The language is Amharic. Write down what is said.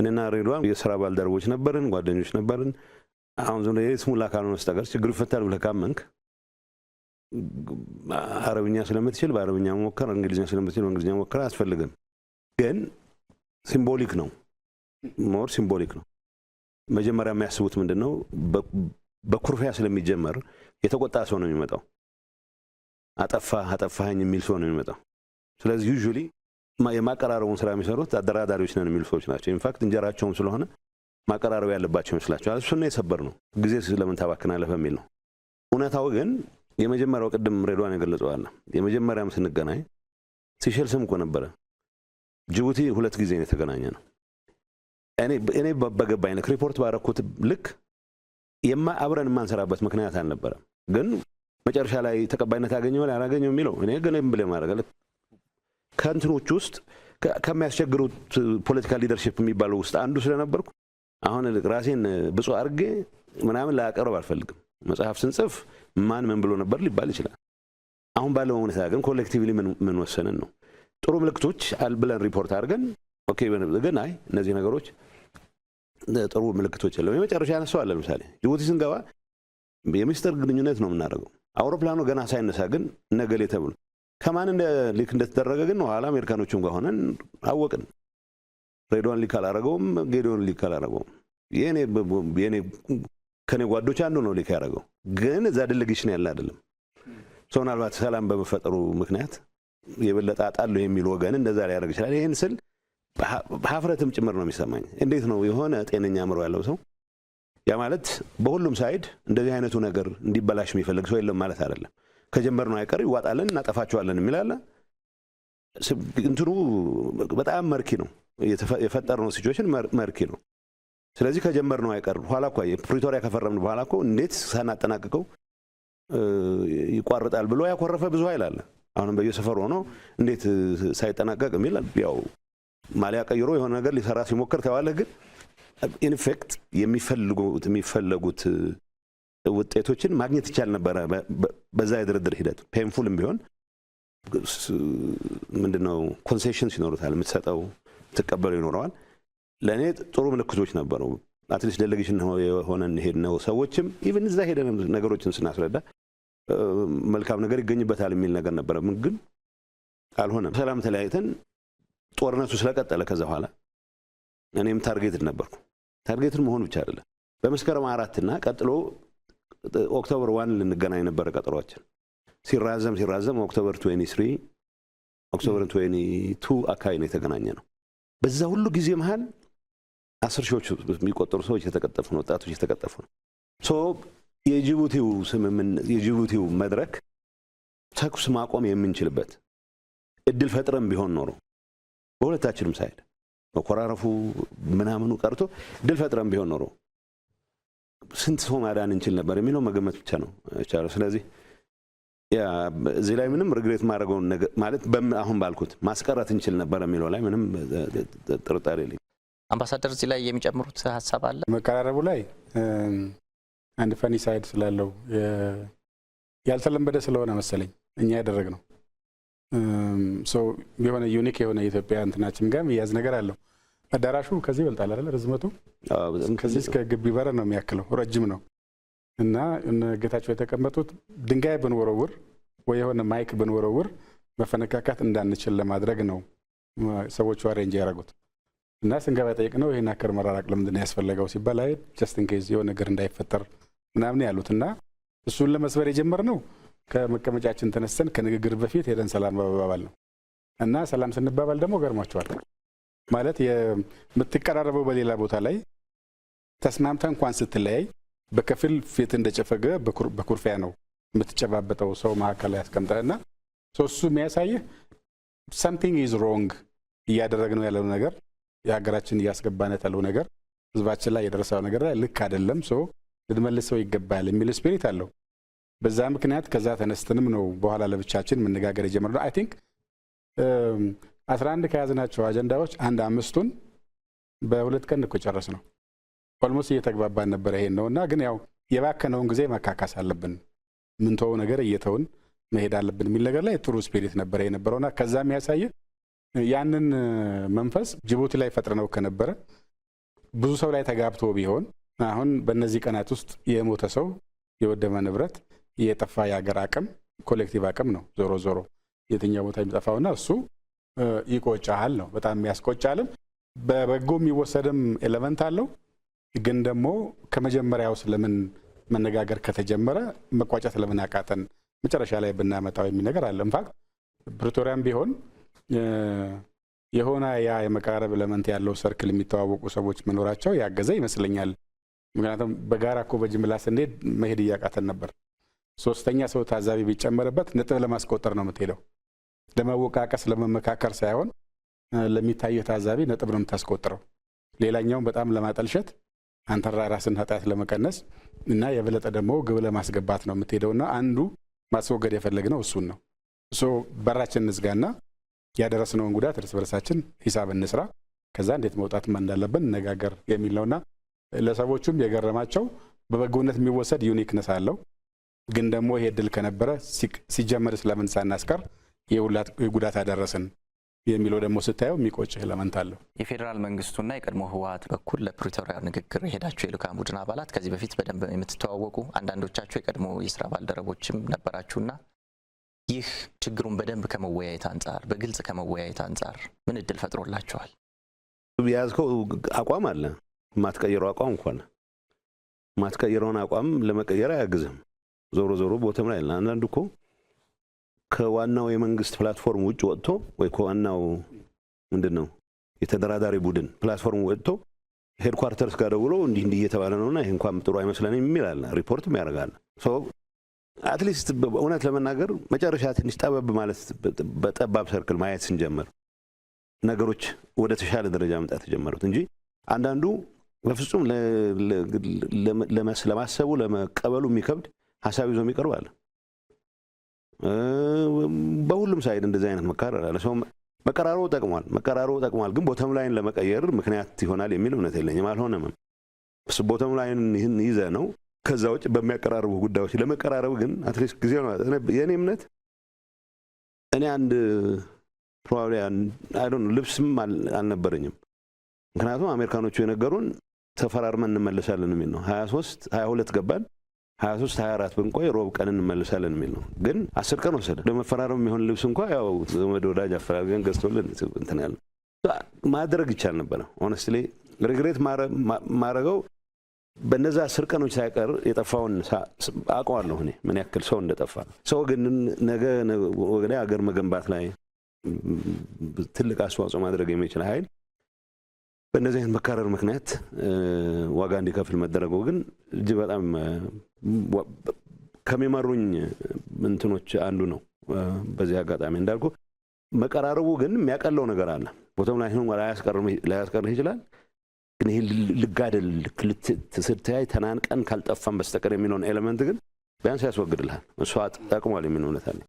እኔና ሬድዋን የስራ ባልደረቦች ነበርን፣ ጓደኞች ነበርን። አሁን ዝም የስሙላ ካልሆነ በስተቀር ችግር ይፈታል ብለህ ካመንክ አረብኛ ስለምትችል በአረብኛ መሞከር፣ እንግሊዝኛ ስለምትችል በእንግሊዝኛ መሞከር አያስፈልግም። ግን ሲምቦሊክ ነው፣ ሞር ሲምቦሊክ ነው። መጀመሪያ የሚያስቡት ምንድን ነው? በኩርፊያ ስለሚጀመር የተቆጣ ሰው ነው የሚመጣው። አጠፋ አጠፋኝ የሚል ሰው ነው የሚመጣው። ስለዚህ ዩዥዋሊ የማቀራረቡን ስራ የሚሰሩት አደራዳሪዎች ነን የሚሉ ሰዎች ናቸው። ኢንፋክት እንጀራቸውም ስለሆነ ማቀራረብ ያለባቸው ይመስላቸዋል። እሱ ነው የሰበር ነው ጊዜ ስለምን ታባክናለህ በሚል ነው። እውነታው ግን የመጀመሪያው ቅድም ሬድዋን የገለጸዋል። የመጀመሪያም ስንገናኝ ሲሸል ስም እኮ ነበረ። ጅቡቲ ሁለት ጊዜ ነው የተገናኘ ነው። እኔ በገባኝ ልክ ሪፖርት ባረኩት ልክ አብረን የማንሰራበት ምክንያት አልነበረም። ግን መጨረሻ ላይ ተቀባይነት ያገኘ ያላገኘ የሚለው እኔ ግን ብለ ማድረግ ከእንትኖች ውስጥ ከሚያስቸግሩት ፖለቲካል ሊደርሽፕ የሚባለው ውስጥ አንዱ ስለነበርኩ አሁን ራሴን ብፁ አድርጌ ምናምን ላቀርብ አልፈልግም። መጽሐፍ ስንጽፍ ማን ምን ብሎ ነበር ሊባል ይችላል። አሁን ባለው ሁኔታ ግን ኮሌክቲቭሊ ምን ወሰንን ነው ጥሩ ምልክቶች ብለን ሪፖርት አድርገን ኦኬ፣ ግን አይ እነዚህ ነገሮች ጥሩ ምልክቶች የለም። የመጨረሻ ያነሳዋል። ለምሳሌ ጅቡቲ ስንገባ የምስጢር ግንኙነት ነው የምናደርገው። አውሮፕላኑ ገና ሳይነሳ ግን ነገሌ ተብሎ ከማን እንደ ሊክ እንደተደረገ ግን ኋላ አሜሪካኖቹም ጋር ሆነን አወቅን። ሬድዋን ሊክ አላረገውም፣ ጌዲዮን ሊክ አላረገውም። የኔ ከኔ ጓዶች አንዱ ነው ሊክ ያደረገው። ግን እዛ ነው ያለ አይደለም ሰው ምናልባት ሰላም በመፈጠሩ ምክንያት የበለጠ አጣለሁ የሚል ወገን እንደዛ ሊያደርግ ይችላል። ይህን ስል ሀፍረትም ጭምር ነው የሚሰማኝ። እንዴት ነው የሆነ ጤነኛ አእምሮ ያለው ሰው ያ ማለት በሁሉም ሳይድ እንደዚህ አይነቱ ነገር እንዲበላሽ የሚፈልግ ሰው የለም ማለት አይደለም። ከጀመርነው አይቀር ይዋጣለን እናጠፋቸዋለን የሚላለ እንትኑ በጣም መርኪ ነው። የፈጠርነው ሲቹዌሽን መርኪ ነው። ስለዚህ ከጀመርነው አይቀር በኋላ እኮ ፕሪቶሪያ ከፈረምን በኋላ እኮ እንዴት ሳናጠናቅቀው ይቋርጣል ብሎ ያኮረፈ ብዙ ኃይል አለ። አሁንም በየሰፈሩ ሆኖ እንዴት ሳይጠናቀቅ የሚል ያው ማሊያ ቀይሮ የሆነ ነገር ሊሰራ ሲሞክር ታዋለህ። ግን ኢንፌክት የሚፈልጉት ውጤቶችን ማግኘት ይቻል ነበረ። በዛ የድርድር ሂደት ፔንፉልም ቢሆን ምንድነው ኮንሴሽንስ ይኖሩታል። የምትሰጠው ትቀበለው ይኖረዋል። ለእኔ ጥሩ ምልክቶች ነበሩ። አትሊስት ደለጌሽን የሆነ ሄድ ነው ሰዎችም ኢቨን እዛ ሄደን ነገሮችን ስናስረዳ መልካም ነገር ይገኝበታል የሚል ነገር ነበረ። ምን ግን አልሆነም። ሰላም ተለያይተን ጦርነቱ ስለቀጠለ ከዛ በኋላ እኔም ታርጌትድ ነበርኩ። ታርጌትድ መሆን ብቻ አይደለም በመስከረም አራትና ቀጥሎ ኦክቶበር ዋን ልንገናኝ ነበረ ቀጠሯችን። ሲራዘም ሲራዘም ኦክቶበር 23 ኦክቶበር 22 አካባቢ ነው የተገናኘ ነው። በዛ ሁሉ ጊዜ መሀል አስር ሺዎች የሚቆጠሩ ሰዎች የተቀጠፉ ነው፣ ወጣቶች የተቀጠፉ ነው። የጅቡቲው ስምምነት የጅቡቲው መድረክ ተኩስ ማቆም የምንችልበት እድል ፈጥረም ቢሆን ኖሮ በሁለታችንም ሳይድ መኮራረፉ ምናምኑ ቀርቶ እድል ፈጥረም ቢሆን ኖሮ ስንት ሰው ማዳን እንችል ነበር የሚለው መገመት ብቻ ነው ቻለ። ስለዚህ እዚህ ላይ ምንም ርግሬት ማድረገውን ማለት አሁን ባልኩት ማስቀረት እንችል ነበር የሚለው ላይ ምንም ጥርጣሬ የለኝም። አምባሳደር እዚህ ላይ የሚጨምሩት ሀሳብ አለ? መቀራረቡ ላይ አንድ ፈኒ ሳይድ ስላለው ያልተለመደ ስለሆነ መሰለኝ እኛ ያደረግነው ቢሆነ ዩኒክ የሆነ የኢትዮጵያ እንትናችን ጋር የሚያዝ ነገር አለው። አዳራሹ ከዚህ ይበልጣል አይደል? ርዝመቱ ከዚህ እስከ ግቢ በር ነው የሚያክለው፣ ረጅም ነው እና ጌታቸው የተቀመጡት ድንጋይ ብንወረውር ወይ የሆነ ማይክ ብንወረውር መፈነካካት እንዳንችል ለማድረግ ነው ሰዎቹ አሬንጅ ያደረጉት። እና ስንገባ ነው ይህን አከር መራራቅ ለምንድን ያስፈለገው ሲባል አይ ጀስት ኬዝ የሆነ ነገር እንዳይፈጠር ምናምን ያሉት እና እሱን ለመስበር የጀመር ነው ከመቀመጫችን ተነስተን ከንግግር በፊት ሄደን ሰላም በመባባል ነው እና ሰላም ስንባባል ደግሞ ገርሟቸዋል። ማለት የምትቀራረበው በሌላ ቦታ ላይ ተስማምተ እንኳን ስትለያይ በከፊል ፊት እንደጨፈገ በኩርፊያ ነው የምትጨባበጠው ሰው መካከል ላይ ያስቀምጠህ እና እሱ የሚያሳይህ ሰምቲንግ ኢዝ ሮንግ እያደረግ ነው ያለው ነገር የሀገራችን እያስገባነት ያለው ነገር ህዝባችን ላይ የደረሰው ነገር ላይ ልክ አይደለም፣ ሰው ልንመልሰው ይገባል የሚል ስፒሪት አለው። በዛ ምክንያት ከዛ ተነስተንም ነው በኋላ ለብቻችን መነጋገር የጀመርነው። አይ ቲንክ አስራ አንድ ከያዝናቸው አጀንዳዎች አንድ አምስቱን በሁለት ቀን እኮ ጨረስ ነው። ኦልሞስ እየተግባባን ነበረ። ይሄን ነው እና ግን ያው የባከነውን ጊዜ መካካስ አለብን፣ ምንተው ነገር እየተውን መሄድ አለብን የሚል ነገር ላይ ጥሩ ስፒሪት ነበረ እና ከዛ የሚያሳየ ያንን መንፈስ ጅቡቲ ላይ ፈጥረነው ከነበረ ብዙ ሰው ላይ ተጋብቶ ቢሆን አሁን በእነዚህ ቀናት ውስጥ የሞተ ሰው፣ የወደመ ንብረት፣ የጠፋ የሀገር አቅም ኮሌክቲቭ አቅም ነው ዞሮ ዞሮ የትኛው ቦታ እና እሱ ይቆጫል ነው። በጣም የሚያስቆጫልም በበጎ የሚወሰድም ኤለመንት አለው። ግን ደግሞ ከመጀመሪያው ስለምን መነጋገር ከተጀመረ መቋጨት ለምን አቃተን መጨረሻ ላይ ብናመጣው የሚል ነገር አለ። ኢንፋክት ፕሪቶሪያም ቢሆን የሆነ ያ የመቃረብ ኤሌመንት ያለው ሰርክል የሚተዋወቁ ሰዎች መኖራቸው ያገዘ ይመስለኛል። ምክንያቱም በጋራ እኮ በጅምላ ስንሄድ መሄድ እያቃተን ነበር። ሶስተኛ ሰው ታዛቢ ቢጨመርበት ነጥብ ለማስቆጠር ነው የምትሄደው። ለመወቃቀስ፣ ለመመካከር ሳይሆን ለሚታየ ታዛቢ ነጥብ ነው የምታስቆጥረው። ሌላኛውን በጣም ለማጠልሸት አንተራ ራስን ኃጢአት ለመቀነስ እና የበለጠ ደግሞ ግብ ለማስገባት ነው የምትሄደውና አንዱ ማስወገድ የፈለግነው እሱን ነው። እሶ በራችን እንዝጋና ያደረስነውን ጉዳት እርስ በርሳችን ሂሳብ እንስራ፣ ከዛ እንዴት መውጣት እንዳለብን እነጋገር የሚል ነውና ለሰዎቹም የገረማቸው በበጎነት የሚወሰድ ዩኒክነስ አለው። ግን ደግሞ ይሄ እድል ከነበረ ሲጀመር ስለምን ሳናስቀር የጉዳት አደረስን የሚለው ደግሞ ስታየው የሚቆጭ ኤለመንት አለው። የፌዴራል መንግስቱና የቀድሞ ህወሀት በኩል ለፕሪቶሪያ ንግግር የሄዳችሁ የልዑካን ቡድን አባላት ከዚህ በፊት በደንብ የምትተዋወቁ አንዳንዶቻችሁ የቀድሞ የስራ ባልደረቦችም ነበራችሁና ይህ ችግሩን በደንብ ከመወያየት አንጻር፣ በግልጽ ከመወያየት አንጻር ምን እድል ፈጥሮላችኋል? የያዝከው አቋም አለ የማትቀይረው አቋም እንኳን የማትቀይረውን አቋም ለመቀየር አያግዝም። ዞሮ ዞሮ ቦተም ላይ አንዳንዱ እኮ ከዋናው የመንግስት ፕላትፎርም ውጭ ወጥቶ ወይ ከዋናው ምንድን ነው የተደራዳሪ ቡድን ፕላትፎርም ወጥቶ ሄድኳርተርስ ጋር ደውሎ እንዲህ እንዲህ እየተባለ ነውና ይህ እንኳን ጥሩ አይመስለን የሚላል አለ። ሪፖርትም ያደርጋል። አትሊስት እውነት ለመናገር መጨረሻ ትንሽ ጠበብ ማለት በጠባብ ሰርክል ማየት ስንጀምር ነገሮች ወደ ተሻለ ደረጃ መምጣት ተጀመሩት እንጂ አንዳንዱ በፍጹም ለማሰቡ ለመቀበሉ የሚከብድ ሀሳብ ይዞ የሚቀርብ አለ። በሁሉም ሳይድ እንደዚህ አይነት መካረር አለ። ሰው መቀራረቡ ጠቅሟል፣ መቀራረቡ ጠቅሟል፣ ግን ቦተም ላይን ለመቀየር ምክንያት ይሆናል የሚል እምነት የለኝም። አልሆነም። ቦተም ላይን ይህን ይዘ ነው ከዛ ውጭ በሚያቀራርቡ ጉዳዮች ለመቀራረብ ግን አትሊስት ጊዜ ነው። የእኔ እምነት እኔ አንድ ፕሮባብሊ አይዶን ልብስም አልነበረኝም። ምክንያቱም አሜሪካኖቹ የነገሩን ተፈራርመን እንመለሳለን የሚል ነው። ሀያ ሶስት ሀያ ሁለት ገባን 23 24 ብንቆይ ሮብ ቀን እንመልሳለን የሚል ነው። ግን አስር ቀን ወሰደ። ለመፈራረም የሚሆን ልብስ እንኳ ያው ዘመድ ወዳጅ አፈላልገን ገዝቶልን እንትን ያለ ማድረግ ይቻል ነበረ። ሆነስትሊ ሪግሬት ማድረገው በነዛ አስር ቀኖች ሳይቀር የጠፋውን አውቀዋለሁ እኔ ምን ያክል ሰው እንደጠፋ። ሰው ግን ነገ ወደ አገር መገንባት ላይ ትልቅ አስተዋጽኦ ማድረግ የሚችል ኃይል በእነዚህ አይነት መካረር ምክንያት ዋጋ እንዲከፍል መደረጉ ግን እጅግ በጣም ከሚመሩኝ እንትኖች አንዱ ነው። በዚህ አጋጣሚ እንዳልኩ መቀራረቡ ግን የሚያቀለው ነገር አለ። ቦታም ላይ ላያስቀርህ ይችላል። ግን ይህ ልጋደል ስትያይ ተናንቀን ካልጠፋን በስተቀር የሚለውን ኤሌመንት ግን ቢያንስ ያስወግድልሃል። እሷ ጠቅሟል የሚል እውነት አለ።